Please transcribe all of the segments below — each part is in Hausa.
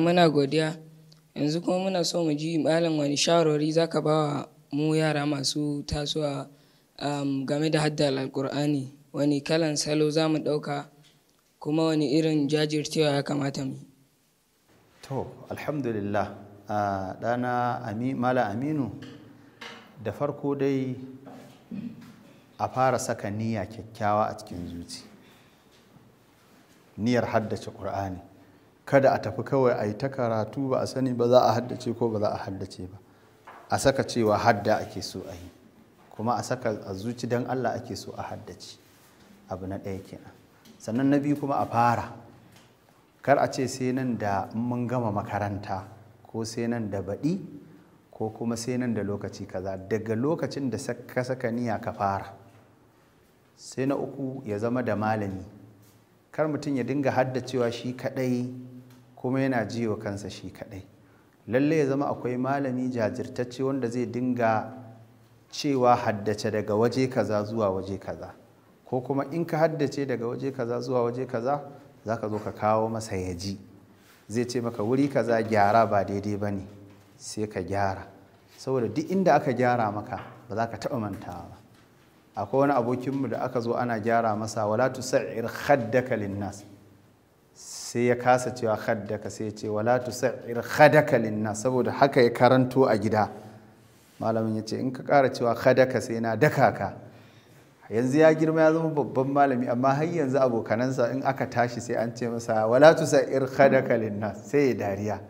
Muna godiya. Yanzu kuma muna so mu ji malam wani shawarwari za ka ba wa mu yara masu tasowa um, game da haddar alkur'ani wani kalan salo za mu ɗauka kuma wani irin jajircewa ya kamata mu to alhamdulillah ɗana mala aminu da farko dai a fara saka niyya kyakkyawa a cikin zuci niyyar haddace ƙur'ani kada a tafi kawai a yi ta karatu ba a sani ba za a haddace ko ba za a haddace ba a saka cewa hadda ake so a yi kuma a saka a zuci don allah ake so a haddace abu na ɗaya kenan sannan na biyu kuma a fara kar a ce sai nan da mun gama makaranta ko sai nan da baɗi ko kuma sai nan da lokaci kaza daga lokacin da ka saka niyya ka fara sai na uku ya zama da malami kar mutum ya dinga haddacewa shi kaɗai kuma yana ji kansa shi kaɗai lalle ya zama akwai malami jajirtacce wanda zai dinga cewa haddace daga waje kaza zuwa waje kaza ko kuma in ka haddace daga waje kaza zuwa waje kaza za ka zo ka kawo masa ya ji zai ce maka wuri kaza gyara ba daidai ba ne sai ka gyara saboda duk inda aka gyara maka ba za ka taɓa mantawa ba akwai wani abokinmu da aka zo ana gyara masa wala tusair haddaka linnas sai ya kasa cewa ka sai ya ce wala tusair hadaka linna saboda haka ya karanto a gida malamin ya ce in ka ƙara cewa hadaka sai na daka ka yanzu ya girma ya zama babban malami amma har yanzu abokanansa in aka tashi sai an ce masa wala tusair hadaka linna sai ya dariya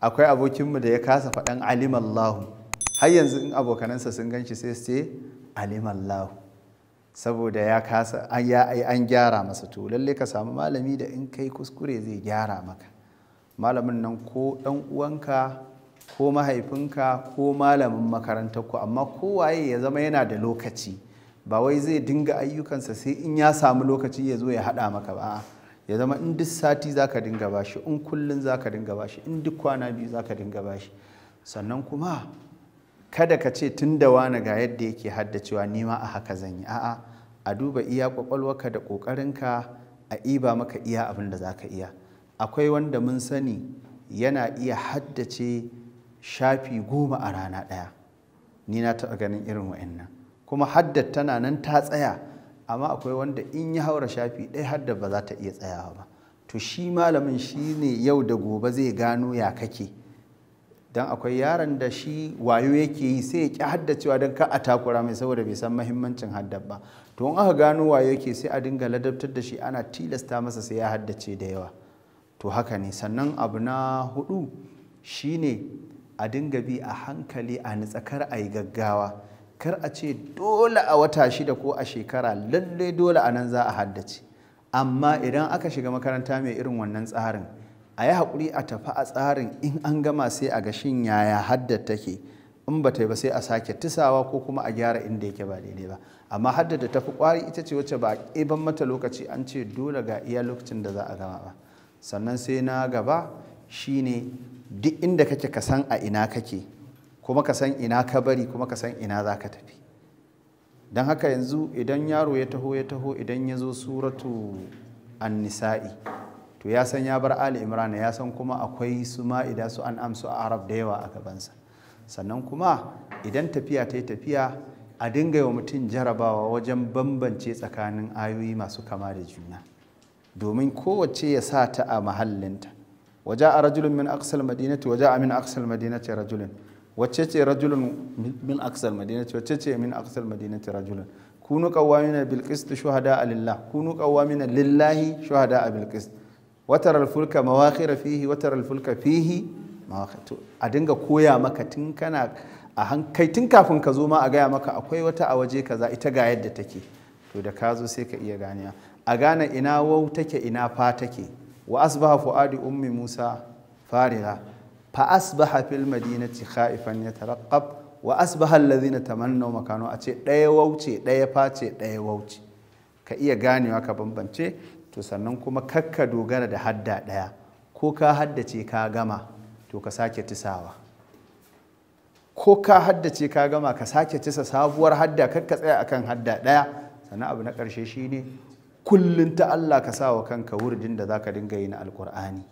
akwai abokinmu da ya kasa faɗan alimallahu har yanzu in abokanansa sun ganshi sai su ce alimallahu saboda ya kasa an gyara masa to lalle ka samu malami da in kai kuskure zai gyara maka malamin nan ko dan uwanka ko mahaifinka ko malamin makarantarku amma kowaye ya zama yana da lokaci ba wai zai dinga ayyukansa sai in ya samu lokaci ya zo ya haɗa maka ba ya zama in duk sati za ka dinga bashi in kullum za ka dinga bashi in duk kwana biyu za ka dinga bashi sannan kuma kada ka ce tun da wani ga yadda yake haddacewa nima a haka zan yi a'a a duba iya kwakwalwarka da ƙoƙarinka a iba maka iya abin da za ka iya akwai wanda mun sani yana iya haddace shafi goma a rana ɗaya ni na taɓa ganin irin wa'annan kuma haddar tana nan ta tsaya amma akwai wanda in ya haura shafi ɗaya haddar ba za ta iya tsayawa ba to shi malamin shi ne yau da gobe zai gano ya kake don akwai yaron da shi wayo yake yi sai ya ƙi haddacewa don ka a takura mai saboda bai san mahimmancin haddab ba to in aka gano wayo yake sai a dinga ladabtar da shi ana tilasta masa sai ya haddace da yawa to haka ne sannan abu na hudu shine a dinga bi a hankali a nitsakar a yi gaggawa kar a ce dole a wata shida ko a shekara lallai dole a nan za a haddace amma idan aka shiga makaranta mai irin wannan tsarin a yi haƙuri a tafi a tsarin in an gama sai a gashin yaya haddar take in ba ta yi ba sai a sake tisawa ko kuma a gyara inda yake ba daidai ba amma haddar da tafi ƙwari ita ce wacce ba a ƙiban mata lokaci an ce dole ga iya lokacin da za a gama ba sannan sai na gaba shine duk inda kake ka san a ina kake kuma ka san ina ka bari kuma ka san ina za ka tafi don haka yanzu idan yaro ya taho ya taho idan ya zo suratu an nisa'i to ya san ya bar ali imran ya san kuma akwai su ma'ida su an amsu a arab da yawa a gabansa sannan kuma idan tafiya ta yi tafiya a dinga yi wa mutum jarabawa wajen bambance tsakanin ayoyi masu kama da juna domin kowace ya sa ta a mahallinta Waje a rajulun min aksal madinati Waje a min aksal madinati rajulun wacce ce rajulun min aksal madinati wacce ce min aksal madinati rajulun kunu qawwamina bil qist shuhada lillah kunu qawwamina lillahi shuhada a qist watar alfulka mawakira fihi watar alfulka fihi a dinga koya maka tun kana a hankai tun kafin ka zo ma a gaya maka akwai wata a waje kaza ita ga yadda take to da ka zo sai ka iya ganiya a gane ina wau take ina fa take wa asbaha fuadi ummi musa farira fa asbaha fil madinati khaifan yataraqqab wa asbaha alladhina tamannaw makano a ce daya wauce ɗaya face daya wauce ka iya ganewa ka bambance to sannan kuma kakka dogara da hadda ɗaya ko ka haddace ka gama to ka sake tisawa ko ka haddace ka gama ka sake tisa sabuwar hadda kakka tsaya akan hadda ɗaya sannan abu na ƙarshe shine kullum ta Allah ka sa wa kanka wurdin da za ka dinga yi na alƙur'ani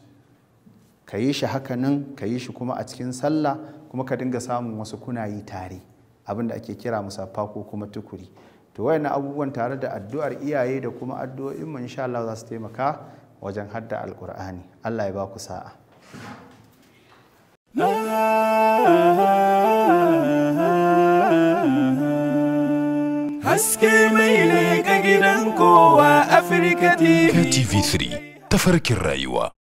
ka yi shi nan, ka yi shi kuma a cikin sallah kuma ka dinga samun wasu kuna yi tare abin da ake kira musaffa ko kuma tukuri to wayan abubuwan tare da addu'ar iyaye da kuma addu'o'in mu insha Allah za su taimaka wajen hadda alqur'ani Allah ya ba ku sa'a haske mai ne ga gidan kowa Afirka TV. TV3 tafarkin rayuwa.